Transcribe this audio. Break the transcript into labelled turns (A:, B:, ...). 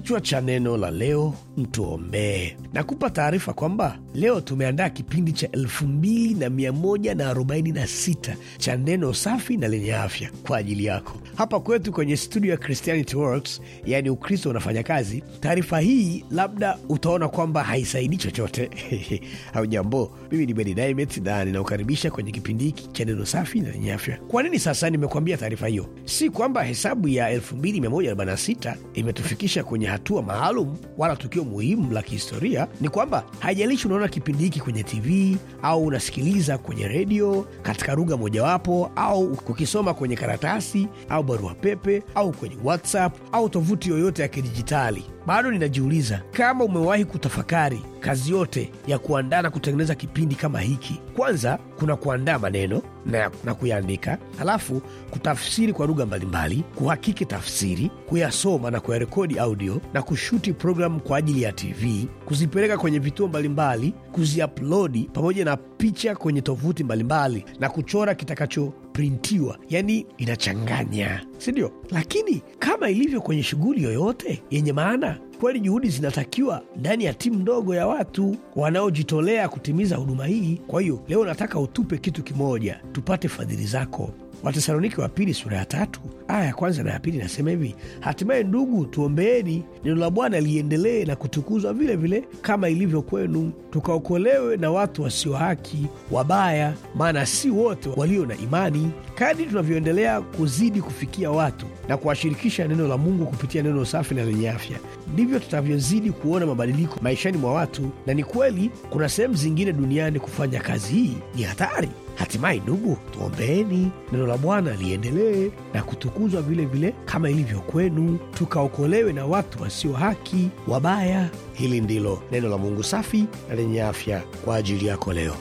A: Kichwa cha neno la leo: mtuombee. Nakupa taarifa kwamba leo tumeandaa kipindi cha 2146 cha neno safi na lenye afya kwa ajili yako hapa kwetu kwenye studio ya Christianity Works, yaani Ukristo unafanya kazi. Taarifa hii labda utaona kwamba haisaidi chochote au jambo. Mimi ni Beni Dimet na ninaukaribisha kwenye kipindi hiki cha neno safi na lenye afya. Kwa nini sasa nimekuambia taarifa hiyo? Si kwamba hesabu ya 2146 imetufikisha kwenye hatua maalum wala tukio muhimu la kihistoria ni kwamba haijalishi unaona kipindi hiki kwenye TV au unasikiliza kwenye redio katika lugha mojawapo au ukisoma kwenye karatasi au barua pepe au kwenye WhatsApp au tovuti yoyote ya kidijitali. Bado ninajiuliza kama umewahi kutafakari kazi yote ya kuandaa na kutengeneza kipindi kama hiki. Kwanza kuna kuandaa maneno na, na kuyaandika, halafu kutafsiri kwa lugha mbalimbali, kuhakiki tafsiri, kuyasoma na kuyarekodi audio, na kushuti programu kwa ajili ya TV, kuzipeleka kwenye vituo mbalimbali, kuziaplodi pamoja na picha kwenye tovuti mbalimbali, na kuchora kitakacho imeprintiwa, yani inachanganya, sindio Lakini kama ilivyo kwenye shughuli yoyote yenye maana, kweli juhudi zinatakiwa ndani ya timu ndogo ya watu wanaojitolea kutimiza huduma hii. Kwa hiyo leo nataka utupe kitu kimoja, tupate fadhili zako. Watesalonike wa pili sura ya tatu aya ya kwanza na ya pili inasema hivi: hatimaye ndugu, tuombeeni neno la Bwana liendelee na kutukuzwa vile vile kama ilivyo kwenu, tukaokolewe na watu wasio haki wabaya, maana si wote walio na imani. Kadri tunavyoendelea kuzidi kufikia watu na kuwashirikisha neno la Mungu kupitia neno safi na lenye afya, ndivyo tutavyozidi kuona mabadiliko maishani mwa watu. Na ni kweli kuna sehemu zingine duniani kufanya kazi hii ni hatari. Hatimaye ndugu, tuombeeni neno la Bwana liendelee na kutukuzwa vilevile kama ilivyo kwenu, tukaokolewe na watu wasio haki wabaya. Hili ndilo neno la Mungu safi na lenye afya kwa ajili yako leo.